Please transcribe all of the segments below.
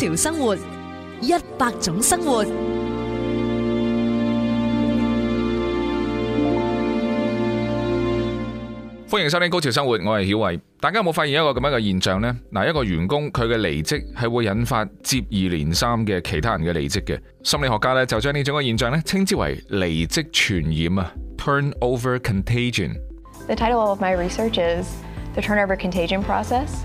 高潮生活，一百種生活。歡迎收聽《高潮生活》生活生活，我係曉慧。大家有冇發現一個咁樣嘅現象呢？嗱，一個員工佢嘅離職係會引發接二連三嘅其他人嘅離職嘅。心理學家呢，就將呢種嘅現象呢稱之為離職傳染啊，turnover contagion。The title of my research is the turnover contagion process。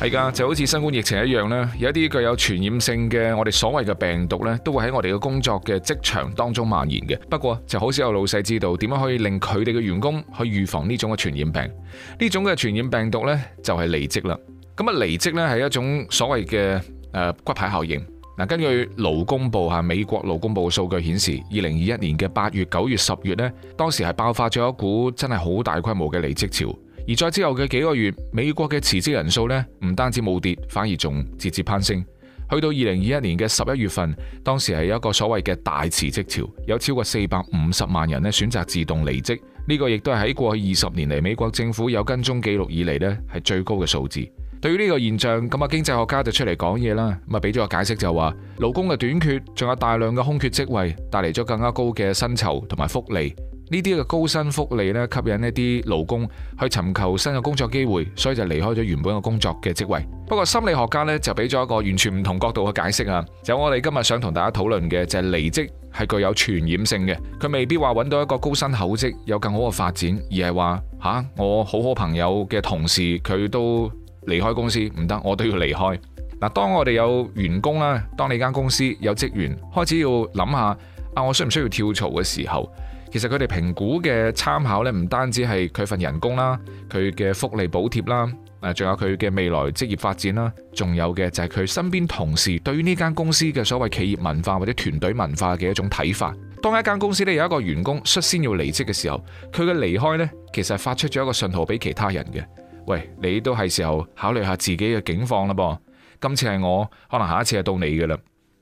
係噶，就好似新冠疫情一樣，有一啲具有傳染性嘅我哋所謂嘅病毒都會喺我哋嘅工作嘅職場當中蔓延嘅。不過就好少有老細知道點樣可以令佢哋嘅員工去預防呢種嘅傳染病。呢種嘅傳染病毒呢，就係離職啦。咁啊，離職呢係一種所謂嘅誒骨牌效應。嗱，根據勞工部吓，美國勞工部嘅數據顯示，二零二一年嘅八月、九月、十月呢，當時係爆發咗一股真係好大規模嘅離職潮。而再之後嘅幾個月，美國嘅辭職人數咧，唔單止冇跌，反而仲節節攀升。去到二零二一年嘅十一月份，當時係一個所謂嘅大辭職潮，有超過四百五十萬人咧選擇自動離職。呢、呢個亦都係喺過去二十年嚟美國政府有跟蹤記錄以嚟咧係最高嘅數字。對於呢個現象，咁啊，經濟學家就出嚟講嘢啦，咁啊，俾咗個解釋就話，是，勞工嘅短缺，仲有大量嘅空缺職位，帶嚟咗更加高嘅薪酬同埋福利。呢啲嘅高薪福利咧，吸引一啲勞工去尋求新嘅工作機會，所以就離開咗原本嘅工作嘅職位。不過心理學家咧就俾咗一個完全唔同的角度嘅解釋啊！就我哋今日想同大家討論嘅就係離職係具有傳染性嘅，佢未必話揾到一個高薪厚職有更好嘅發展，而係話吓我好好朋友嘅同事佢都離開公司唔得，我都要離開。嗱，當我哋有員工啦，當你間公司有職員開始要諗下啊，我需唔需要跳槽嘅時候？其實佢哋評估嘅參考呢，唔單止係佢份人工啦，佢嘅福利補貼啦，誒，仲有佢嘅未來職業發展啦，仲有嘅就係佢身邊同事對於呢間公司嘅所謂企業文化或者團隊文化嘅一種睇法。當一間公司呢有一個員工率先要離職嘅時候，佢嘅離開呢其實發出咗一個信號俾其他人嘅。喂，你都係時候考慮下自己嘅境況啦噃。今次係我，可能下一次係到你噶啦。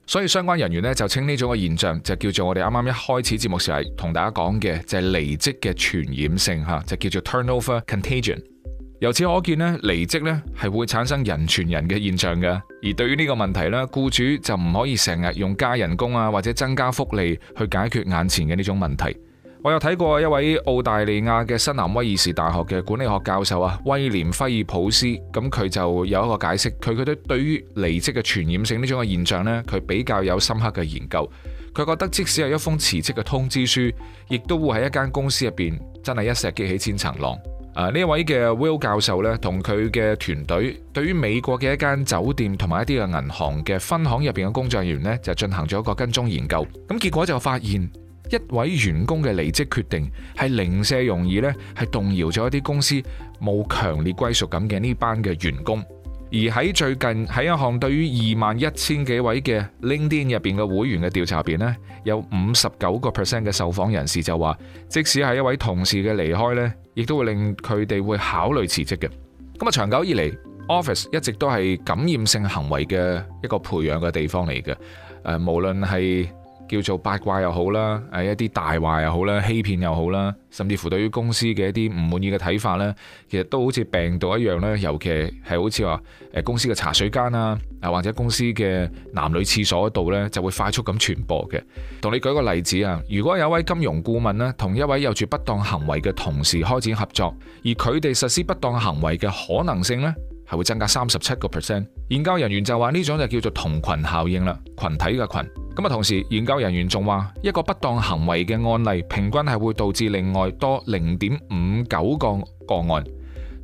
所以相關人員咧就稱呢種嘅現象，就叫做我哋啱啱一開始節目時係同大家講嘅，就係離職嘅傳染性吓，就叫做 turnover contagion。由此可見呢，「離職」呢係會產生人傳人嘅現象嘅。而對於呢個問題呢，僱主就唔可以成日用加人工啊，或者增加福利去解決眼前嘅呢種問題。我有睇過一位澳大利亞嘅新南威爾士大學嘅管理學教授啊，威廉菲爾普斯，咁佢就有一個解釋，佢覺得對於離職嘅傳染性呢種嘅現象呢，佢比較有深刻嘅研究。佢覺得即使係一封辭職嘅通知書，亦都會喺一間公司入邊真係一石激起千層浪。誒、啊，呢位嘅 Will 教授呢，同佢嘅團隊對於美國嘅一間酒店同埋一啲嘅銀行嘅分行入邊嘅工作人員呢，就進行咗一個跟蹤研究，咁結果就發現。一位員工嘅離職決定係零舍容易呢，係動搖咗一啲公司冇強烈歸屬感嘅呢班嘅員工。而喺最近，喺一項對於二萬一千幾位嘅 LinkedIn 入邊嘅會員嘅調查入邊，呢有五十九個 percent 嘅受訪人士就話，即使係一位同事嘅離開呢，亦都會令佢哋會考慮辭職嘅。咁啊，長久以嚟，office 一直都係感染性行為嘅一個培養嘅地方嚟嘅。誒，無論係。叫做八卦又好啦，誒一啲大話又好啦，欺騙又好啦，甚至乎對於公司嘅一啲唔滿意嘅睇法呢，其實都好似病毒一樣呢。尤其係好似話誒公司嘅茶水間啊，啊或者公司嘅男女廁所度呢，就會快速咁傳播嘅。同你舉個例子啊，如果有一位金融顧問呢，同一位有住不當行為嘅同事開展合作，而佢哋實施不當行為嘅可能性呢，係會增加三十七個 percent。研究人員就話呢種就叫做同群效應啦，群體嘅群。咁啊，同時研究人員仲話一個不當行為嘅案例，平均係會導致另外多零點五九個個案。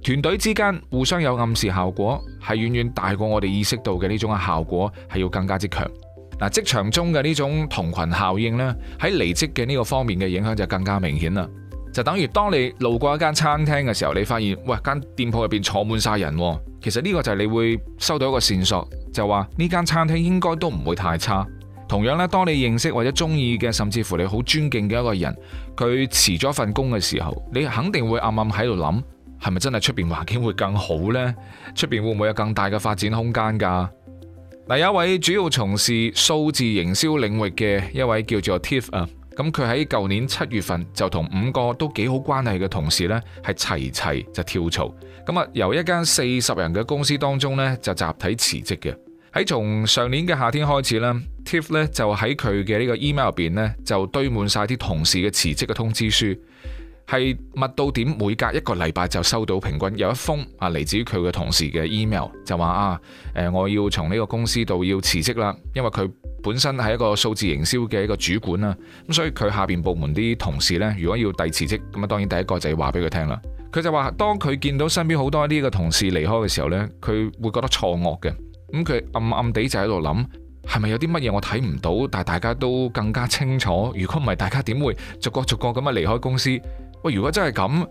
團隊之間互相有暗示效果，係遠遠大過我哋意識到嘅呢種嘅效果，係要更加之強嗱。職場中嘅呢種同群效應呢，喺離職嘅呢個方面嘅影響就更加明顯啦。就等於當你路過一間餐廳嘅時候，你發現喂，間店鋪入邊坐滿晒人。其實呢個就係你會收到一個線索，就話呢間餐廳應該都唔會太差。同樣呢，當你認識或者中意嘅，甚至乎你好尊敬嘅一個人，佢辭咗份工嘅時候，你肯定會暗暗喺度諗，係咪真係出邊環境會更好呢？出邊會唔會有更大嘅發展空間噶？第一位主要從事數字營銷領域嘅一位叫做 Tiff 啊。咁佢喺舊年七月份就同五個都幾好關係嘅同事呢，係齊齊就跳槽。咁啊，由一間四十人嘅公司當中呢，就集體辭職嘅。喺從上年嘅夏天開始啦，Tiff 咧就喺佢嘅呢個 email 入邊呢，就堆滿晒啲同事嘅辭職嘅通知書，係密到點，每隔一個禮拜就收到平均有一封啊，嚟自於佢嘅同事嘅 email，就話啊，誒我要從呢個公司度要辭職啦，因為佢。本身係一個數字營銷嘅一個主管啦，咁所以佢下邊部門啲同事呢，如果要遞辭職，咁啊當然第一個就要話俾佢聽啦。佢就話當佢見到身邊好多呢個同事離開嘅時候呢，佢會覺得錯愕嘅。咁佢暗暗地就喺度諗，係咪有啲乜嘢我睇唔到，但係大家都更加清楚。如果唔係，大家點會逐個逐個咁樣離開公司？喂，如果真係咁，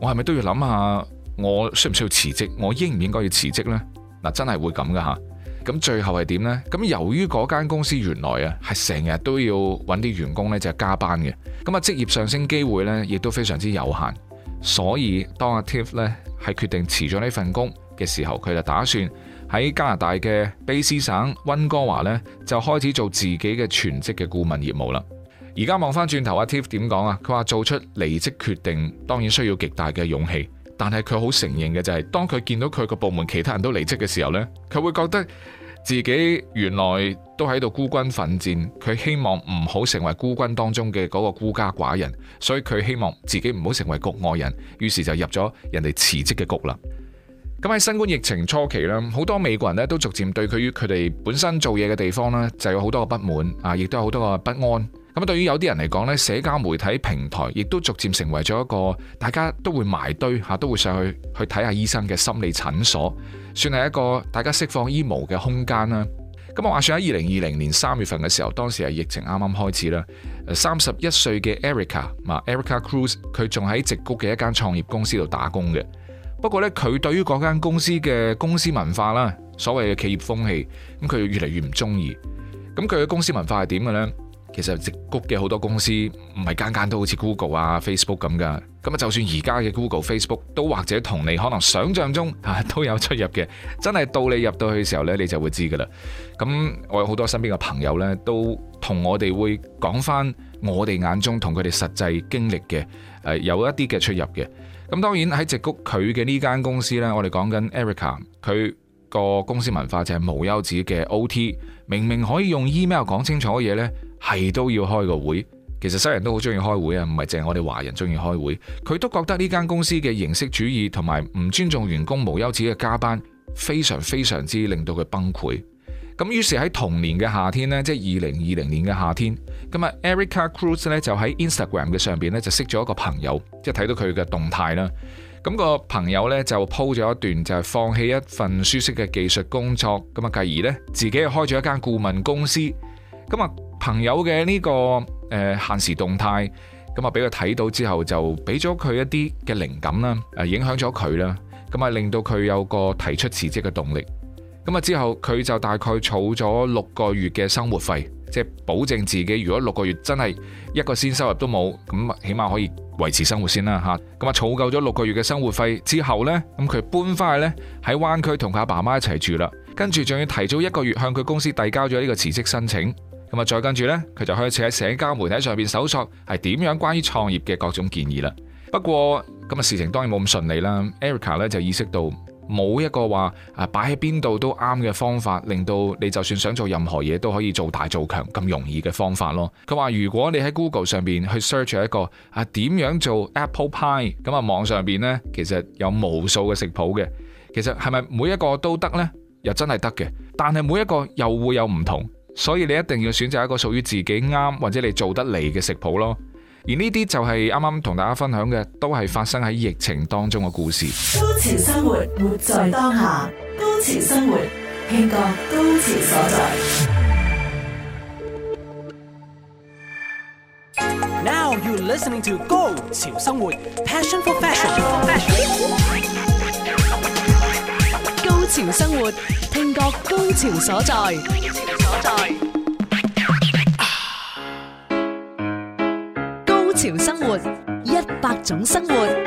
我係咪都要諗下我需唔需要辭職？我應唔應該要辭職呢？嗱，真係會咁噶嚇。咁最後係點呢？咁由於嗰間公司原來啊，係成日都要揾啲員工咧就係加班嘅，咁啊職業上升機會呢亦都非常之有限，所以當阿 Tiff 咧係決定辭咗呢份工嘅時候，佢就打算喺加拿大嘅卑斯省溫哥華呢，就開始做自己嘅全職嘅顧問業務啦。而家望翻轉頭，阿 Tiff 點講啊？佢話做出離職決定，當然需要極大嘅勇氣。但係佢好承認嘅就係，當佢見到佢個部門其他人都離職嘅時候呢，佢會覺得自己原來都喺度孤軍奮戰，佢希望唔好成為孤軍當中嘅嗰個孤家寡人，所以佢希望自己唔好成為局外人，於是就入咗人哋辭職嘅局啦。咁喺新冠疫情初期啦，好多美國人呢都逐漸對佢於佢哋本身做嘢嘅地方呢就有好多嘅不滿啊，亦都有好多嘅不安。咁對對於有啲人嚟講呢，社交媒體平台亦都逐漸成為咗一個大家都會埋堆吓，都會上去去睇下醫生嘅心理診所，算係一個大家釋放 emo 嘅空間啦。咁我話，算喺二零二零年三月份嘅時候，當時係疫情啱啱開始啦。三十一歲嘅 Erica，啊、e、Erica Cruz，佢仲喺直谷嘅一間創業公司度打工嘅。不過呢，佢對於嗰間公司嘅公司文化啦，所謂嘅企業風氣，咁佢越嚟越唔中意。咁佢嘅公司文化係點嘅呢？其實直谷嘅好多公司唔係間間都好似 Google 啊、Facebook 咁㗎。咁啊，就算而家嘅 Google、Facebook 都或者同你可能想像中都有出入嘅。真係到你入到去嘅時候呢，你就會知㗎喇。咁我有好多身邊嘅朋友呢，都同我哋會講返我哋眼中同佢哋實際經歷嘅誒有一啲嘅出入嘅。咁當然喺直谷佢嘅呢間公司呢，我哋講緊 Erica 佢個公司文化就係冇休止嘅 OT，明明可以用 email 講清楚嘅嘢呢，係都要開個會，其實西人都好中意開會啊，唔係淨係我哋華人中意開會。佢都覺得呢間公司嘅形式主義同埋唔尊重員工無休止嘅加班，非常非常之令到佢崩潰。咁於是喺同年嘅夏天呢，即係二零二零年嘅夏天，咁啊，Erica Cruz 呢就喺 Instagram 嘅上邊呢，就識咗一個朋友，即係睇到佢嘅動態啦。咁個朋友呢，就 po 咗一段就係放棄一份舒適嘅技術工作，咁啊繼而呢，自己開咗一間顧問公司，咁啊。朋友嘅呢個誒限時動態，咁啊俾佢睇到之後，就俾咗佢一啲嘅靈感啦，誒影響咗佢啦，咁啊令到佢有個提出辭職嘅動力。咁啊之後佢就大概儲咗六個月嘅生活費，即係保證自己如果六個月真係一個先收入都冇，咁起碼可以維持生活先啦吓。咁啊儲夠咗六個月嘅生活費之後呢，咁佢搬翻去呢喺灣區同佢阿爸媽一齊住啦，跟住仲要提早一個月向佢公司遞交咗呢個辭職申請。咁啊，再跟住呢，佢就開始喺社交媒體上邊搜索係點樣關於創業嘅各種建議啦。不過咁啊，事情當然冇咁順利啦。Erica 呢就意識到冇一個話啊擺喺邊度都啱嘅方法，令到你就算想做任何嘢都可以做大做強咁容易嘅方法咯。佢話：如果你喺 Google 上邊去 search 一個啊點樣做 Apple Pie，咁啊網上邊呢其實有無數嘅食譜嘅。其實係咪每一個都得呢？又真係得嘅，但係每一個又會有唔同。所以你一定要選擇一個屬於自己啱或者你做得嚟嘅食譜咯，而呢啲就係啱啱同大家分享嘅，都係發生喺疫情當中嘅故事。高潮生活，活在當下。高潮生活，聽覺高潮所在。Now you are listening to 高潮生活，Passion for Fashion。高潮生活，聽覺高潮所在。高潮所在。高潮生活，一百種生活。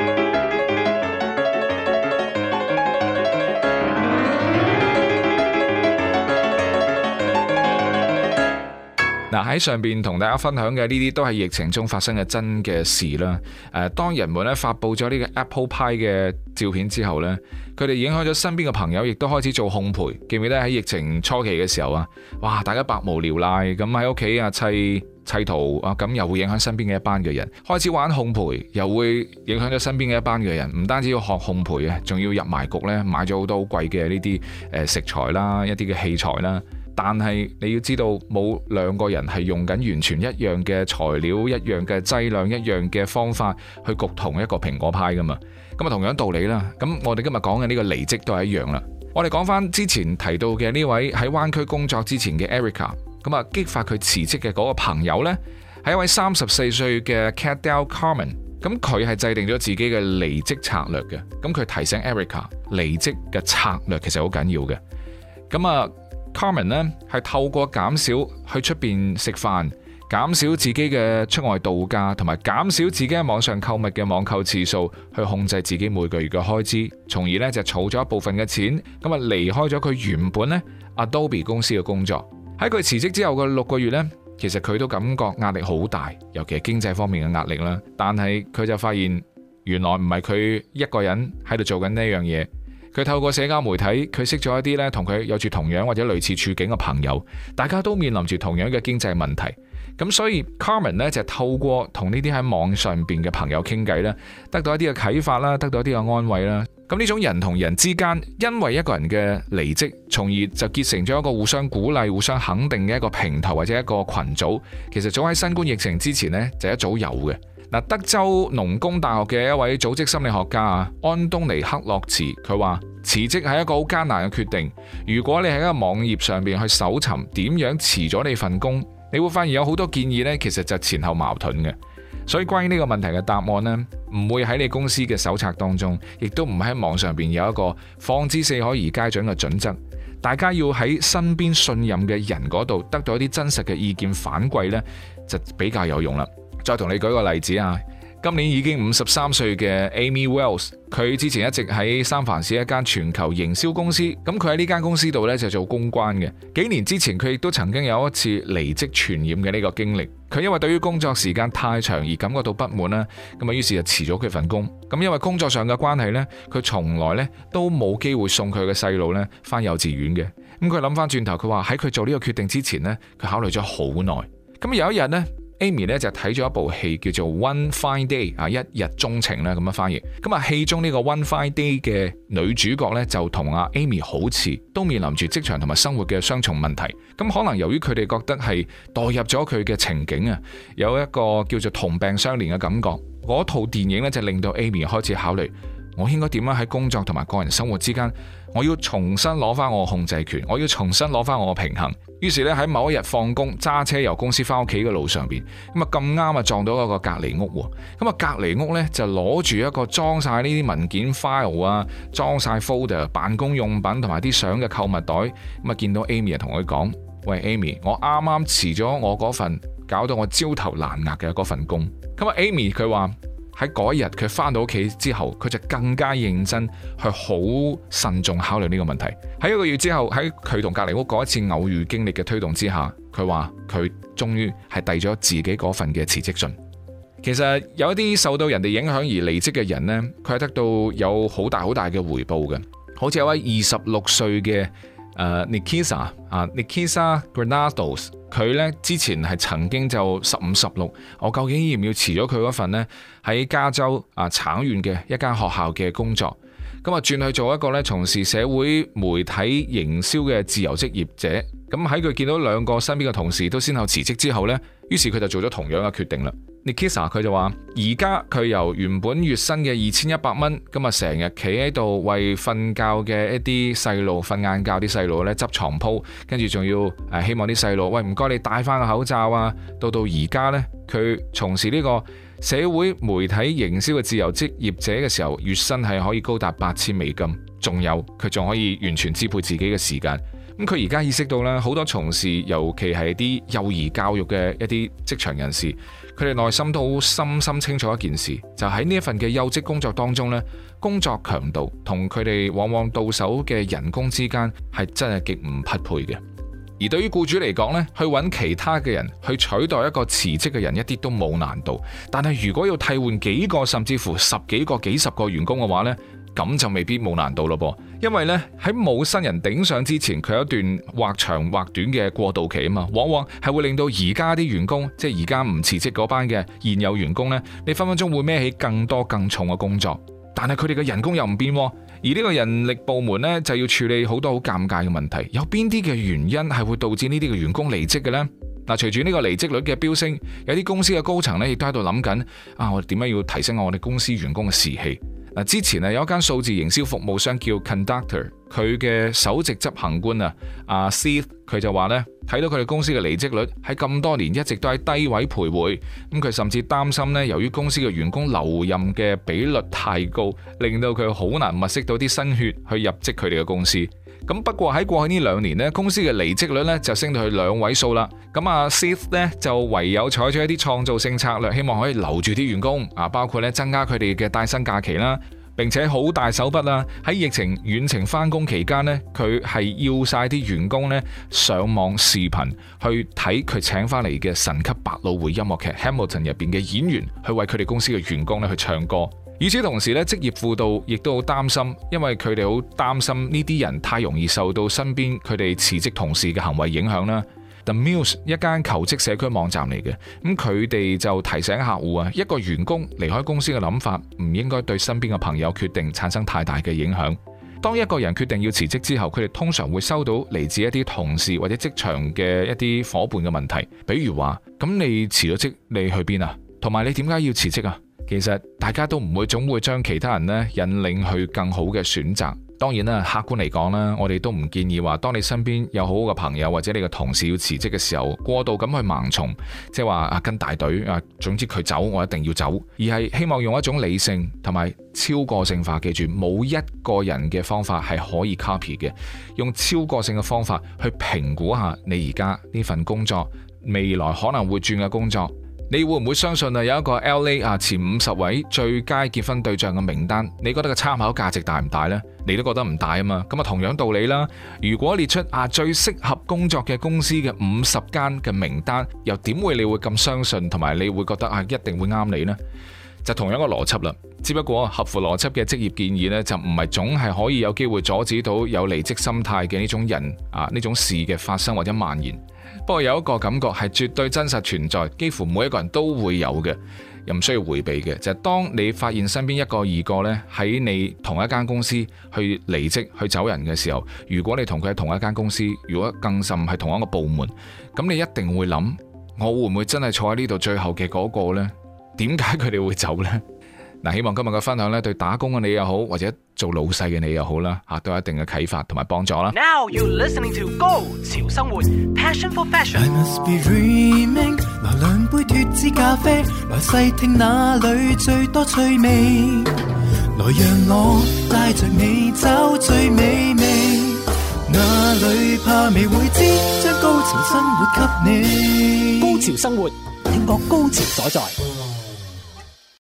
嗱，喺上邊同大家分享嘅呢啲都係疫情中發生嘅真嘅事啦。誒，當人們咧發佈咗呢個 Apple Pie 嘅照片之後呢，佢哋影響咗身邊嘅朋友，亦都開始做烘焙。記唔記得喺疫情初期嘅時候啊？哇！大家百無聊賴咁喺屋企啊砌砌圖啊，咁又會影響身邊嘅一班嘅人開始玩烘焙，又會影響咗身邊嘅一班嘅人。唔單止要學烘焙，啊，仲要入埋局咧，買咗好多好貴嘅呢啲誒食材啦，一啲嘅器材啦。但係你要知道，冇兩個人係用緊完全一樣嘅材料、一樣嘅劑量、一樣嘅方法去焗同一個蘋果派噶嘛。咁啊，同樣道理啦。咁我哋今日講嘅呢個離職都係一樣啦。我哋講翻之前提到嘅呢位喺灣區工作之前嘅 Erica，咁啊，激發佢辭職嘅嗰個朋友呢，係一位三十四歲嘅 Cadele Carmen。咁佢係制定咗自己嘅離職策略嘅。咁佢提醒 Erica 離職嘅策略其實好緊要嘅。咁啊。Carmen 呢係透過減少去出邊食飯，減少自己嘅出外度假，同埋減少自己喺網上購物嘅網購次數，去控制自己每個月嘅開支，從而呢就儲咗一部分嘅錢。咁啊，離開咗佢原本呢 Adobe 公司嘅工作。喺佢辭職之後嘅六個月呢，其實佢都感覺壓力好大，尤其係經濟方面嘅壓力啦。但係佢就發現，原來唔係佢一個人喺度做緊呢樣嘢。佢透過社交媒體，佢識咗一啲咧同佢有住同樣或者類似處境嘅朋友，大家都面臨住同樣嘅經濟問題，咁所以 Carmen 呢就透過同呢啲喺網上邊嘅朋友傾偈啦，得到一啲嘅啟發啦，得到一啲嘅安慰啦。咁呢種人同人之間因為一個人嘅離職，從而就結成咗一個互相鼓勵、互相肯定嘅一個平台或者一個群組，其實早喺新冠疫情之前呢，就一早有嘅。德州農工大學嘅一位組織心理學家啊，安東尼克洛茨，佢話辭職係一個好艱難嘅決定。如果你喺一個網頁上邊去搜尋點樣辭咗你份工，你會發現有好多建議咧，其實就前後矛盾嘅。所以關於呢個問題嘅答案呢，唔會喺你公司嘅手冊當中，亦都唔喺網上邊有一個放之四海而皆準嘅準則。大家要喺身邊信任嘅人嗰度得到一啲真實嘅意見反饋呢，就比較有用啦。再同你舉個例子啊，今年已經五十三歲嘅 Amy Wells，佢之前一直喺三藩市一間全球營銷公司，咁佢喺呢間公司度呢，就做公關嘅。幾年之前佢亦都曾經有一次離職傳染嘅呢個經歷，佢因為對於工作時間太長而感覺到不滿啦，咁啊於是就辭咗佢份工。咁因為工作上嘅關係呢，佢從來呢都冇機會送佢嘅細路呢翻幼稚園嘅。咁佢諗翻轉頭，佢話喺佢做呢個決定之前呢，佢考慮咗好耐。咁有一日呢。Amy 咧就睇咗一部戲叫做 One Fine Day 啊，一日鐘情咧咁樣翻譯。咁啊，戲中呢個 One Fine Day 嘅女主角呢，就同阿 Amy 好似都面臨住職場同埋生活嘅雙重問題。咁可能由於佢哋覺得係代入咗佢嘅情景啊，有一個叫做同病相憐嘅感覺。嗰套電影呢，就令到 Amy 開始考慮，我應該點樣喺工作同埋個人生活之間？我要重新攞翻我嘅控制權，我要重新攞翻我嘅平衡。於是咧喺某一日放工，揸車由公司翻屋企嘅路上邊，咁啊咁啱啊撞到一個隔離屋。咁啊隔離屋呢，就攞住一個裝晒呢啲文件 file 啊，裝晒 folder、辦公用品同埋啲相嘅購物袋。咁啊見到 Amy 就同佢講：喂，Amy，我啱啱辭咗我嗰份搞到我焦頭爛額嘅嗰份工。咁啊，Amy 佢話。喺嗰一日佢返到屋企之後，佢就更加認真去好慎重考慮呢個問題。喺一個月之後，喺佢同隔離屋嗰一次偶遇經歷嘅推動之下，佢話佢終於係遞咗自己嗰份嘅辭職信。其實有一啲受到人哋影響而離職嘅人呢，佢係得到有好大好大嘅回報嘅，好似一位二十六歲嘅。誒、uh, Nikisa 啊、uh,，Nikisa Granados，佢咧之前係曾經就十五十六，我究竟要唔要辭咗佢嗰份咧喺加州啊、uh, 橙縣嘅一間學校嘅工作？咁啊，轉去做一個咧，從事社會媒體營銷嘅自由職業者。咁喺佢見到兩個身邊嘅同事都先後辭職之後呢，於是佢就做咗同樣嘅決定啦。Nicola 佢就話：而家佢由原本月薪嘅二千一百蚊，咁啊成日企喺度為瞓覺嘅一啲細路瞓晏覺啲細路呢執床鋪，跟住仲要誒希望啲細路，喂，唔該你戴翻個口罩啊。到到而家呢，佢從事呢個社會媒體營銷嘅自由職業者嘅時候，月薪係可以高達八千美金，仲有，佢仲可以完全支配自己嘅時間。咁佢而家意識到咧，好多從事尤其係啲幼兒教育嘅一啲職場人士，佢哋內心都深深清楚一件事，就喺呢一份嘅幼職工作當中呢，工作強度同佢哋往往到手嘅人工之間係真係極唔匹配嘅。而對於僱主嚟講呢，去揾其他嘅人去取代一個辭職嘅人，一啲都冇難度。但係如果要替換幾個甚至乎十幾個、幾十個員工嘅話呢，咁就未必冇難度咯噃。因為呢，喺冇新人頂上之前，佢有一段或長或短嘅過渡期啊嘛，往往係會令到而家啲員工，即係而家唔辭職嗰班嘅現有員工呢，你分分鐘會孭起更多更重嘅工作。但係佢哋嘅人工又唔變喎。而呢個人力部門呢，就要處理好多好尷尬嘅問題。有邊啲嘅原因係會導致呢啲嘅員工離職嘅呢？嗱，隨住呢個離職率嘅飆升，有啲公司嘅高層呢，亦都喺度諗緊啊，我哋點解要提升我哋公司員工嘅士氣？嗱，之前有一間數字營銷服務商叫 Conductor，佢嘅首席執行官啊，阿 Seth 佢就話咧，睇到佢哋公司嘅離職率喺咁多年一直都喺低位徘徊，咁佢甚至擔心呢，由於公司嘅員工留任嘅比率太高，令到佢好難物色到啲新血去入職佢哋嘅公司。咁不過喺過去呢兩年呢，公司嘅離職率呢就升到去兩位數啦。咁啊，Seth 呢就唯有採取一啲創造性策略，希望可以留住啲員工啊，包括咧增加佢哋嘅帶薪假期啦，並且好大手筆啦。喺疫情遠程返工期間呢，佢係要晒啲員工呢上網視頻去睇佢請翻嚟嘅神級百老匯音樂劇 Hamilton 入面嘅演員去為佢哋公司嘅員工呢去唱歌。與此同時咧，職業輔導亦都好擔心，因為佢哋好擔心呢啲人太容易受到身邊佢哋辭職同事嘅行為影響啦。The Muse 一間求職社區網站嚟嘅，咁佢哋就提醒客戶啊，一個員工離開公司嘅諗法唔應該對身邊嘅朋友決定產生太大嘅影響。當一個人決定要辭職之後，佢哋通常會收到嚟自一啲同事或者職場嘅一啲夥伴嘅問題，比如話：咁你辭咗職，你去邊啊？同埋你點解要辭職啊？其實大家都唔會總會將其他人呢引領去更好嘅選擇。當然啦，客觀嚟講啦，我哋都唔建議話，當你身邊有好好嘅朋友或者你嘅同事要辭職嘅時候，過度咁去盲從，即係話啊，跟大隊啊，總之佢走我一定要走，而係希望用一種理性同埋超個性化。記住，冇一個人嘅方法係可以 copy 嘅，用超個性嘅方法去評估下你而家呢份工作，未來可能會轉嘅工作。你會唔會相信啊？有一個 LA 啊前五十位最佳結婚對象嘅名單，你覺得個參考價值大唔大呢？你都覺得唔大啊嘛。咁啊，同樣道理啦。如果列出啊最適合工作嘅公司嘅五十間嘅名單，又點會你會咁相信，同埋你會覺得啊一定會啱你呢？就同樣個邏輯啦。只不過合乎邏輯嘅職業建議呢，就唔係總係可以有機會阻止到有離職心態嘅呢種人啊呢種事嘅發生或者蔓延。不過有一個感覺係絕對真實存在，幾乎每一個人都會有嘅，又唔需要回避嘅，就係、是、當你發現身邊一個、二個呢喺你同一間公司去離職、去走人嘅時候，如果你同佢喺同一間公司，如果更甚係同一個部門，咁你一定會諗，「我會唔會真係坐喺呢度最後嘅嗰個呢？點解佢哋會走呢？」嗱，希望今日嘅分享呢，對打工嘅你又好，或者做老細嘅你又好啦，吓都有一定嘅啟發同埋幫助啦。